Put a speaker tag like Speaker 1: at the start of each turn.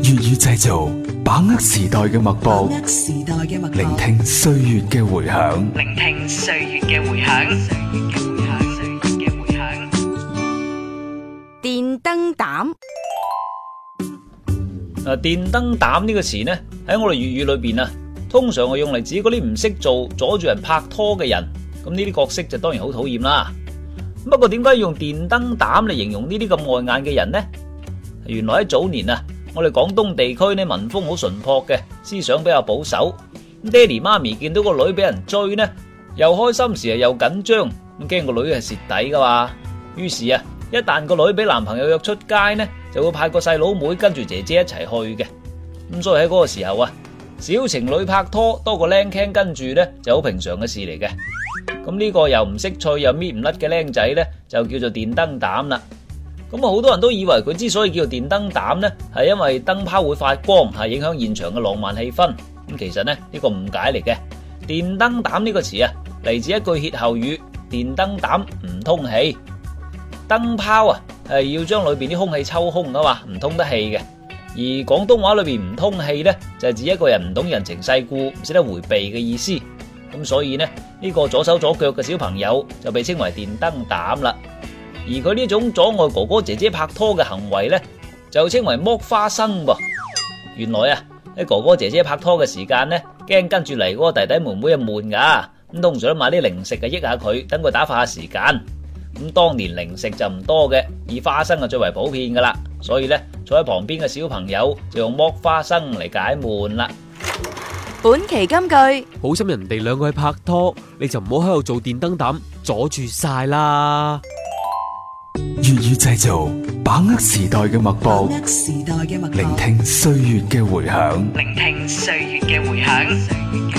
Speaker 1: 粵語製造，把握時代嘅脈搏，脈搏聆聽歲月嘅回響。聆聽歲月嘅回響。電燈膽誒，電燈膽呢個詞呢，喺我哋粵語裏邊啊，通常係用嚟，指嗰啲唔識做，阻住人拍拖嘅人。咁呢啲角色就當然好討厭啦。不過點解用電燈膽嚟形容呢啲咁礙眼嘅人呢？原來喺早年啊。我哋廣東地區呢，民風好淳樸嘅，思想比較保守。爹哋媽咪見到個女俾人追呢，又開心時又緊張，咁驚個女係蝕底噶嘛。於是啊，一旦個女俾男朋友約出街呢，就會派個細佬妹跟住姐姐一齊去嘅。咁所以喺嗰個時候啊，小情侶拍拖多個靚傾跟住呢，就好平常嘅事嚟嘅。咁呢個又唔識趣又搣唔甩嘅僆仔呢，就叫做電燈膽啦。咁啊，好多人都以為佢之所以叫做電燈膽呢，係因為燈泡會發光，係影響現場嘅浪漫氣氛。咁其實呢，呢個誤解嚟嘅。電燈膽呢個詞啊，嚟自一句歇後語：電燈膽唔通氣。燈泡啊，係要將裏邊啲空氣抽空啊嘛，唔通得氣嘅。而廣東話裏邊唔通氣呢，就係、是、指一個人唔懂人情世故，唔識得回避嘅意思。咁所以呢，呢、這個礙手礙腳嘅小朋友就被稱為電燈膽啦。而佢呢種阻礙哥哥姐姐拍拖嘅行為呢，就稱為剝花生噃。原來啊，喺哥哥姐姐拍拖嘅時間呢，驚跟住嚟嗰個弟弟妹妹啊悶噶，咁通常買啲零食啊益下佢，等佢打發下時間。咁當年零食就唔多嘅，以花生啊最為普遍噶啦，所以呢，坐喺旁邊嘅小朋友就用剝花生嚟解悶啦。本期金句：好心人哋兩個去拍拖，你就唔好喺度做電燈膽，阻住晒啦。粵語製造，把握時代嘅脈搏，聆聽歲月嘅回響。聆聽歲月嘅回響。